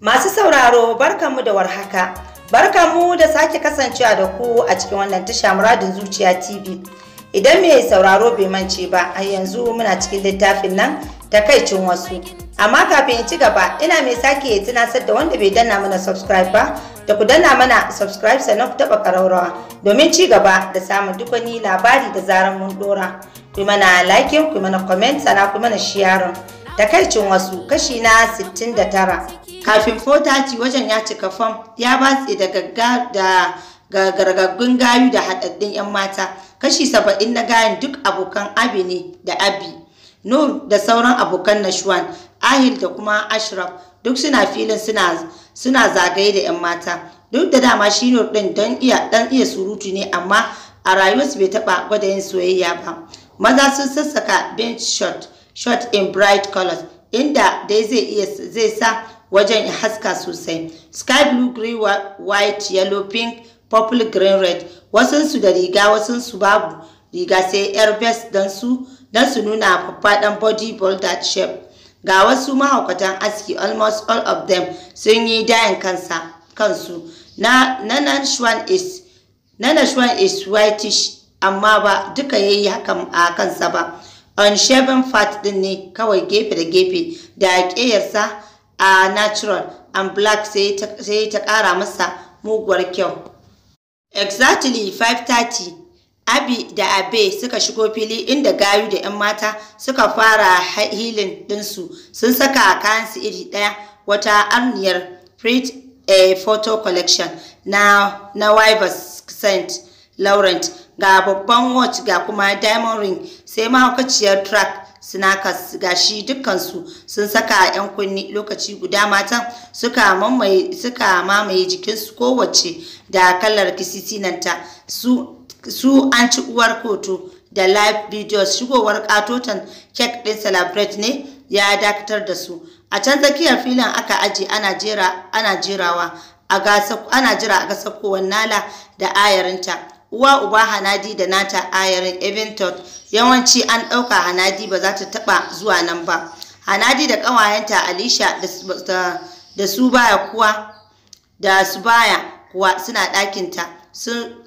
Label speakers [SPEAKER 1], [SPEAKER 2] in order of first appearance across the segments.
[SPEAKER 1] Masu sauraro barkanmu da warhaka. Barkanmu da sake kasancewa da ku a cikin wannan tasha muradin zuciya TV. Idan mai sauraro bai mance ba, a yanzu muna cikin littafin nan takaicin wasu. Amma kafin ci gaba, ina mai sake tunasar da wanda bai danna mana subscribe ba, da ku danna mana subscribe sannan ku taɓa karaurawa domin ci gaba da samun duk wani labari da zarar mun dora. Ku mana like, ku mana comment, sannan ku mana sharing. Takaicin wasu kashi na 69. kafin fotati wajen ya cika fam ya batse da gargaggun gayu da haɗaɗɗun 'yan mata kashi saba'in na gayan duk abokan abi ne da abi nur da sauran abokan nashwan ahil da kuma ashraf duk suna filin suna zagaye da 'yan mata duk da dama shi nur ɗin don iya dan iya surutu ne amma a rayuwarsu bai taɓa gwada yin soyayya ba maza sun sassaka bench shot in bright colors inda dai zai sa wajen ya haska sosai sky blue green white yellow pink purple green red wasunsu da riga wasunsu babu riga sai yar vest don su don su nuna faɗan body that shape ga wasu mahaukatan aski almost all of them sun yi dayan kansa kansu na nanan shwan is nana whitish amma ba duka yayi haka a kansa ba unshaven fat din ne kawai gefe da gefe da ƙeyarsa a natural and black sai ta kara masa muguwar kyau. Exactly 5:30 Abi da Abe suka shigo fili inda gayu da 'yan mata suka fara hilin ɗinsu sun saka kayansu iri ɗaya wata arniyar print a photo collection na, na Wivers St. Laurent ga babban watch ga kuma diamond ring sai mahaukaciyar track sinakas gashi dukkansu sun saka 'yan kunni lokaci guda matan suka mamaye suka mamaye jikinsu kowace da kalar kisitinanta su su an ci uwar kotu da live videos shigowar katotan kek din celebrate ne ya dakatar da su a can tsakiyar filin aka aje ana jera ana jerawa a ana jira a ga sakowar nala da ayarinta uwa uba hanadi da nata ayarin eventot yawanci an ɗauka hanadi ba za ta taɓa zuwa nan ba hanadi da ƙawayenta alisha da su baya kuwa da su baya kuwa suna ɗakinta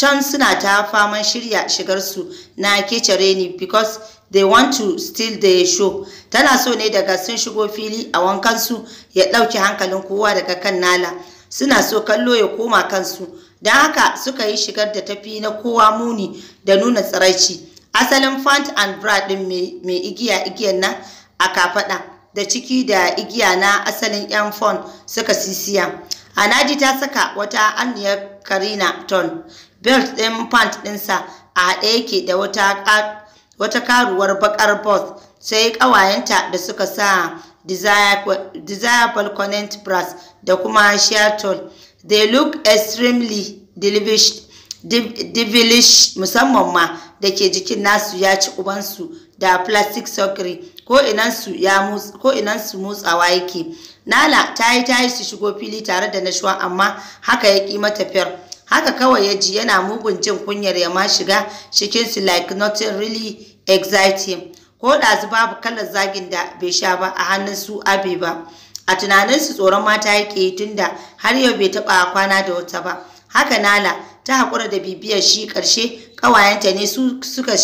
[SPEAKER 1] can suna ta faman shirya shigarsu na kecere ne because they want to steal the show tana so ne daga sun shigo fili a wankansu ya ɗauki hankalin kowa daga kan nala suna so kallo ya koma kansu don haka suka yi shigar da tafi na kowa muni da nuna tsiraici asalin fant and bra din mai igiya igiyan na a kafada da ciki da igiya na asalin yan fon suka sisiya anaji ta saka wata anniya karina ton belt din font dinsa a haɗe yake da wata karuwar bakar boss sai ƙawayenta da suka sa desire falconent brass da kuma shatol they look extremely devilish devilish musamman ma da ke jikin nasu ya ci ubansu da plastic surgery ko inan su motsawa yake nala ta yi ta yi su shigo fili tare da nashuwa amma haka ya ƙi mata fiyar haka kawai ya ji yana mugun jin kunyar ya ma shiga cikinsu like nothing really exciting ko ɗazu babu kalar zagin da bai sha ba a hannun su abe ba a tunanin su tsoron mata yake yi tunda har yau bai taɓa kwana da wata ba haka nala ta haƙura da bibiyar shi ƙarshe ƙawayenta ne su suka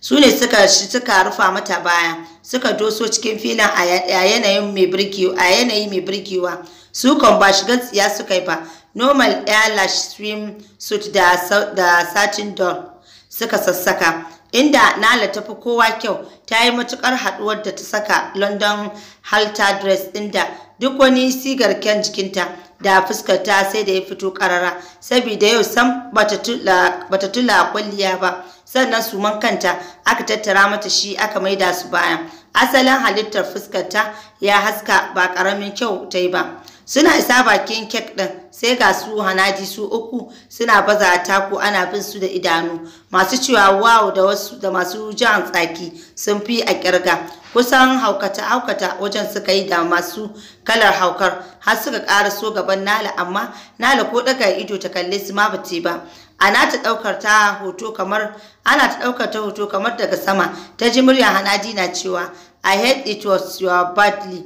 [SPEAKER 1] su ne suka suka rufa mata baya suka doso cikin filin a yanayin mai birkewa a yanayi mai birkewa su kan ba shiga tsiya suka yi ba normal lash swim suit da satin doll suka sassaka inda Nala ta fi kowa kyau ta yi matukar haduwar da ta saka London halter dress inda duk wani sigar kyan jikinta da fuskar ta sai da ya fito karara saboda yau sam bata tula kwalliya ba sannan suman kanta aka tattara mata shi aka maida su bayan asalin halittar fuskar ta ya haska ba ƙaramin kyau ta yi ba suna isa bakin kek ɗin sai ga su hanaji su uku suna baza taku ana bin su da idanu masu cewa wow da wasu da masu jan tsaki sun fi a kirga kusan haukata haukata wajen suka yi da masu kalar haukar har suka ƙara so gaban nala amma nala ko daga ido ta kalle su ma bace ba ana ta ɗaukar ta hoto kamar ana ta ɗaukar ta hoto kamar daga sama ta ji muryar hanaji na cewa i hate it was your badly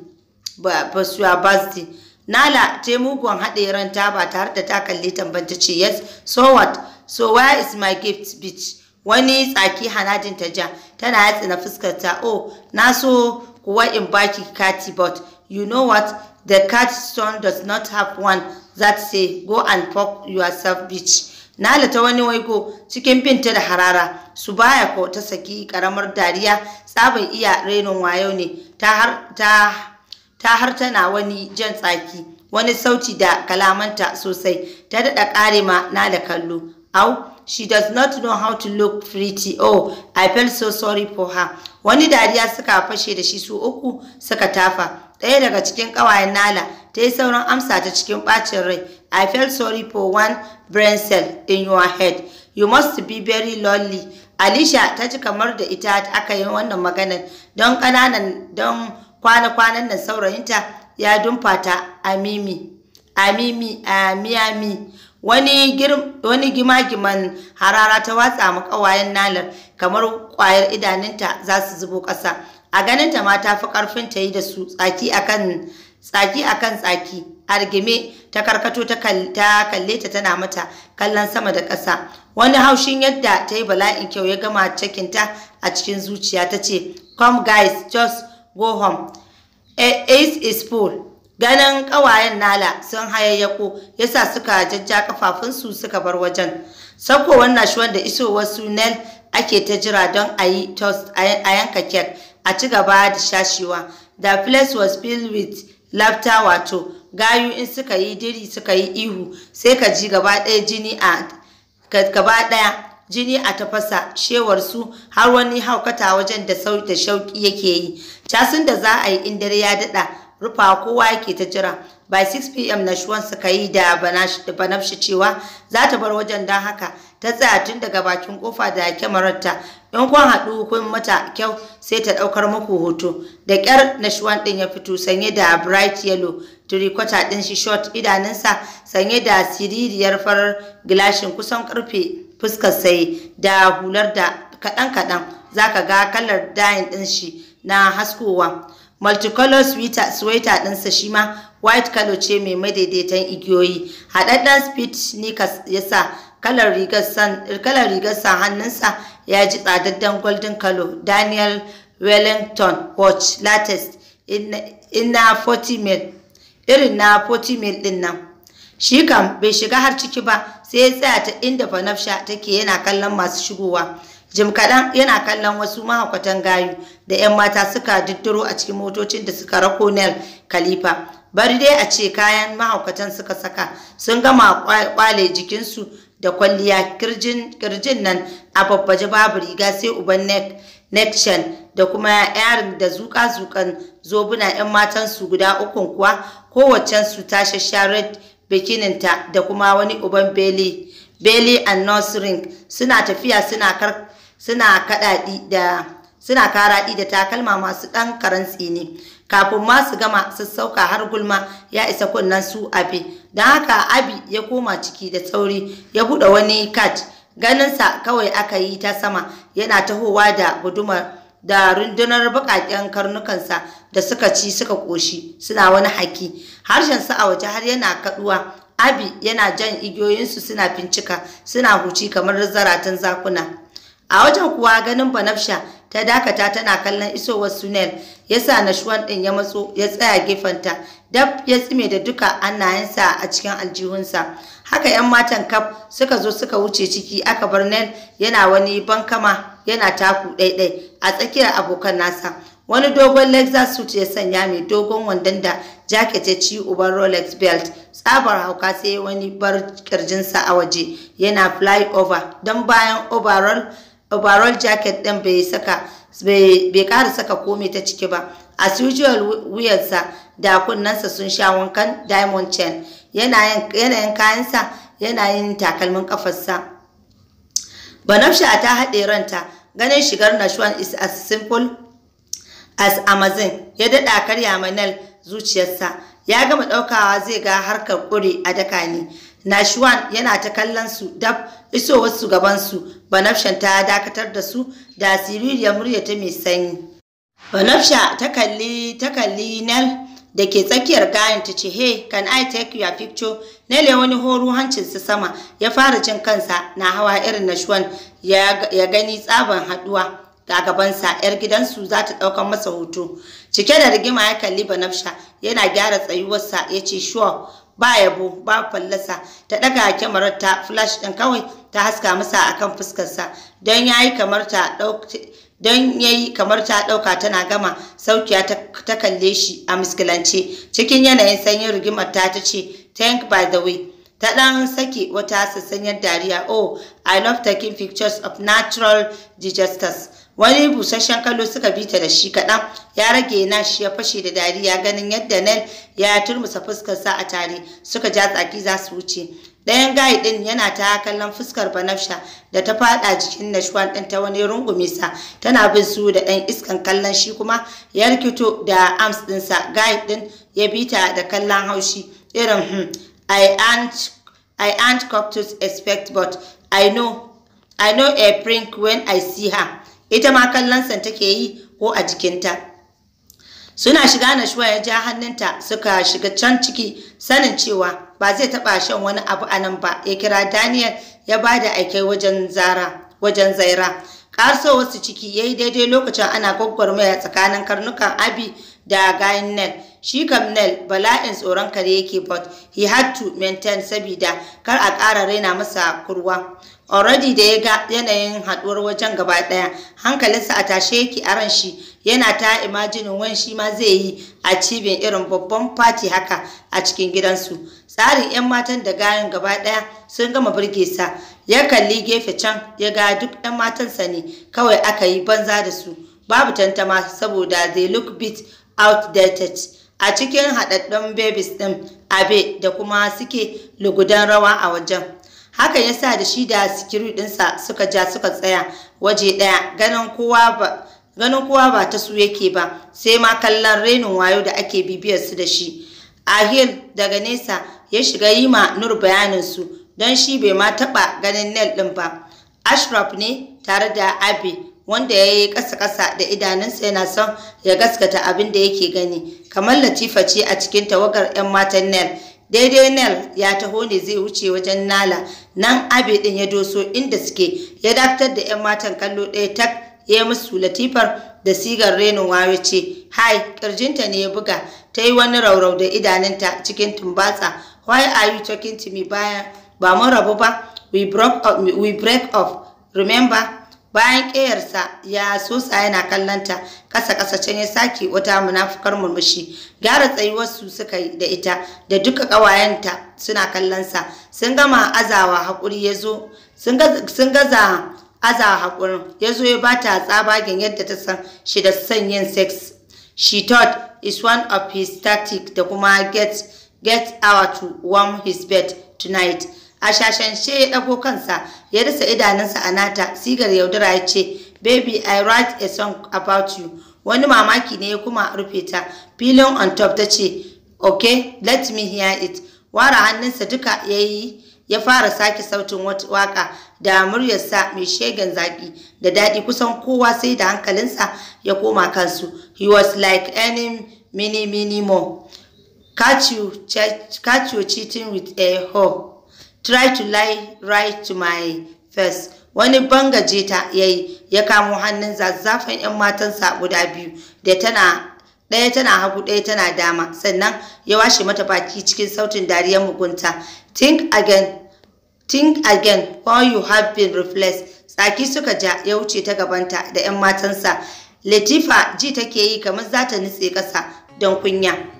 [SPEAKER 1] but was your birthday Nala ta mugun haɗe ran ta ba tare da ta kalli tamban ta ce yes so what so where is my gift bitch wani tsaki hanadin ta ja tana yatsa na fuskar ta oh na so kuwa in baki kati but you know what the cat stone does not have one that say go and fuck yourself bitch Nala ta wani waigo cikin binta da harara su baya ko ta saki karamar dariya tsabar iya renon wayo ne ta ta ta har tana wani jan tsaki wani sauti da kalamanta sosai ta daɗa ƙare ma na da kallo au she does not know how to look pretty oh i felt so sorry for her wani dariya suka fashe da shi su uku suka tafa ɗaya daga cikin ƙawayen nala ta yi sauran amsa ta cikin ɓacin rai i felt sorry for one brain cell in your head you must be very lonely alisha ta ji kamar da ita aka yi wannan maganar don ƙananan don kwana-kwanan nan saurayinta ya dumfata a mimi a mimi a miami wani gima-giman harara ta watsa ma ƙawayen nalar kamar ƙwayar idanunta za su zubo ƙasa a ganinta ma ta fi ƙarfin ta yi da su tsaki akan tsaki akan tsaki argime ta karkato ta kalle ta tana mata kallon sama da ƙasa wani haushin yadda ta yi bala'in kyau ya gama cikinta a cikin zuciya ta ce come guys just go home eight is full ganin ƙawayen nala sun hayayyako yasa suka jajja kafafunsu suka bar wajen sakowar nashuwan da isowar su nel ake ta jira don a yi toast a yanka kek a ci gaba da shashewa the place was filled with laughter wato gayu in suka yi diri suka yi ihu sai ka ji gaba ɗaya jini a gaba ɗaya jini a tafasa shewar su har wani haukata wajen da sau da shauki yake yi casun da za a yi in dare ya daɗa rufa kowa yake ta jira by 6 pm na shuwan suka yi da banafshi cewa za ta bar wajen don haka ta tsaya tun daga bakin kofa da kyamararta in kun haɗu kun mata kyau sai ta ɗaukar muku hoto da ƙyar na shuwan ɗin ya fito sanye da bright yellow turikwata ɗin shi short idanunsa sanye da siririyar farar gilashin kusan ƙarfe fuskar sai da hular da kaɗan-kaɗan za ka ga kalar dayin ɗin shi na haskowa multicolor sweater ɗinsa shi ma white color ce mai madaidaitan igiyoyi haɗaɗɗen speed sneakers ya sa kalar rigar sa hannunsa ya ji tsadaddan golden color daniel wellington watch latest ina 40 mil irin na 40 mil ɗin nan shi kam bai shiga har ciki ba sai ya tsaya ta inda fanafsha take yana kallon masu shigowa jim kaɗan yana kallon wasu mahaukatan gayu da 'yan mata suka diddiro a cikin motocin da suka rako nel khalifa bari dai a ce kayan mahaukatan suka saka sun gama kwale jikinsu da kwalliya kirjin nan a babbaje babu riga sai uban nekshen da kuma yarin da zuka-zukan zobuna 'yan matansu guda ukun kuwa kowaccensu ta shasha bikininta da kuma wani uban beli beli and nose ring suna tafiya suna kar suna kadadi da suna karaɗi da takalma masu ɗan karen tsini kafin ma su gama sassauka har gulma ya isa kunnen su abi don haka abi ya koma ciki da tsauri ya buɗe wani kat ganinsa kawai aka yi ta sama yana tahowa da gudumar da rundunar baƙaƙen karnukansa da suka ci suka koshi suna wani haki harshen su a waje har yana kaduwa abi yana jan igiyoyinsu suna fincika suna huci kamar zaratan zakuna a wajen kuwa ganin banafsha ta dakata tana kallon isowar sunel ya sa nashuwan din ya matso ya tsaya gefenta dab ya tsime da duka annayensa a cikin aljihunsa haka yan matan kaf suka zo suka wuce ciki aka bar nel yana wani bankama yana taku ɗaiɗai a tsakiyar abokan nasa wani dogon lexus suit ya sanya mai dogon wandon da jaket ya ci uban rolex belt tsabar hauka sai wani bar kirjinsa a waje yana fly over don bayan overall overall jacket ɗin bai saka bai ƙara saka komai ta ciki ba as usual wuyarsa da kunnensa sun sha wankan diamond chain yanayin kayansa yanayin takalmin kafarsa banafsha ta haɗe ranta ganin shigar nashwan is a simple as amazon ya daɗa karya manal zuciyarsa ya gama ɗaukawa zai ga harkar ƙure a daka ne nashuwan yana ta kallon su dab iso wasu gaban su banafshan ta dakatar da su da ya murya ta mai sanyi banafsha ta kalli ta kalli nal da ke tsakiyar gayan ta ce hey can i take your picture ya wani horo hancinsa sama ya fara jin kansa na hawa irin nashuwan ya gani tsaban haduwa da gabansa yar gidansu za ta ɗaukar masa hoto cike da rigima ya kalli banafsha yana gyara tsayuwarsa ya ce shuwa ba yabo ba fallasa ta ɗaga kyamarar ta flash ɗin kawai ta haska masa akan fuskarsa don ya yi kamar ta don ya yi kamar ta ɗauka tana gama saukiya ta kalle shi a miskilance cikin yanayin sanyin rigimar ta ta ce thank by the way ta ɗan saki wata sassanyar dariya oh i love taking pictures of natural disasters wani busasshen kallo suka bi ta da shi kaɗan ya rage na shi ya fashe da dariya ganin yadda nan ya turmusa fuskarsa a tare suka ja tsaki za su wuce ɗayan gayi ɗin yana ta kallon fuskar banafsha da ta faɗa jikin nashwan ɗin ta wani rungume sa tana bin su da ɗan iskan kallon shi kuma ya rikito da arms ɗinsa gayi ɗin ya bi ta da kallon haushi irin hmm, I aren't I aren't to expect but I know I know a prank when I see her ita ma kallonsa take yi ko a jikinta suna shiga shuwa ya ja hannunta suka shiga can ciki sanin cewa ba zai taɓa shan wani abu a nan ba ya kira daniel ya ba da aikai wajen zara wajen zaira ƙarso wasu ciki ya yi daidai lokacin ana gwagwarmaya tsakanin karnukan abi da gainel shi kamnel bala bala'in tsoron kare yake but he had to maintain sabida kar a ƙara raina masa kurwa already da ya ga yanayin haɗuwar wajen gaba ɗaya hankalinsa a tashe yake a ran shi yana ta imajinin wani shi ma zai yi a cibin irin babban fati haka a cikin gidansu tsarin 'yan matan da gayan gaba ɗaya sun gama burge sa ya kalli gefe can ya ga duk 'yan matansa ne kawai aka yi banza da su babu tantama saboda they look bit outdated a cikin haɗaɗɗen babies ɗin abe da kuma suke lugudan rawa a wajen hakan ya sa da shi da sikiri ɗinsa suka ja suka tsaya waje ɗaya ganin kowa ba ta su yake ba sai ma kallon renin wayo da ake bibiyar su da shi ahil daga nesa ya shiga yi ma nur bayanin su don shi bai ma taɓa ganin nel ɗin ba ashraf ne tare da abe wanda ya yi ƙasa-ƙasa da idanunsa yana son ya gaskata abin da yake gani kamar latifa ce a cikin tawagar 'yan matan nel daidai nel ya taho ne zai wuce wajen nala nan abe din ya doso inda suke ya dakatar da 'yan matan kallo ɗaya tak ya musu latifar da sigar renin wawe ce hai ƙirjinta ne ya buga ta yi wani raurau da idanunta cikin tumbatsa why are you talking to me bayan ba mun rabu ba we break up remember bayan ƙeyarsa ya sosa yana kallanta ƙasa ƙasa can ya sake wata munafukar murmushi gyara tsayuwarsu suka yi da ita da duka ƙawayenta suna kallonsa sun gama azawa haƙuri ya zo sun gaza azawa haƙurin ya zo ya bata tsabagen yadda ta san shi da son yin sex she thought is one of his tactics da kuma get get out to warm his bed tonight a shashanshe ya ɗago kansa ya rasa idanunsa a nata sigar yaudara ya ce baby i write a song about you wani mamaki ne ya kuma rufe ta filin on top ta ce okay let me hear it Wara hannunsa duka ya yi ya fara sake sautin waka da muryarsa mai shegen zaki da daɗi kusan kowa sai da hankalinsa ya koma kansu he was like any mini mini more catch you, catch you cheating with a hoe try to lie right to my face wani bangaje ta yayi ya kamo hannun zazzafan yan matansa guda biyu da tana ɗaya tana hagu ɗaya tana dama sannan ya washe mata baki cikin sautin dariyar mugunta think again think again for you have been replaced tsaki suka ja ya wuce ta gabanta da yan matansa latifa ji take yi kamar za ta nutse ƙasa don kunya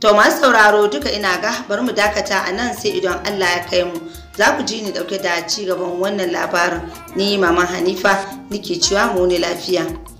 [SPEAKER 1] To masu sauraro duka ina ga bari mu dakata a nan sai idan Allah ya kai mu. Za ku ji ni dauke da ci gaban wannan labarin. Ni Mama Hanifa nike cewa mu ne lafiya.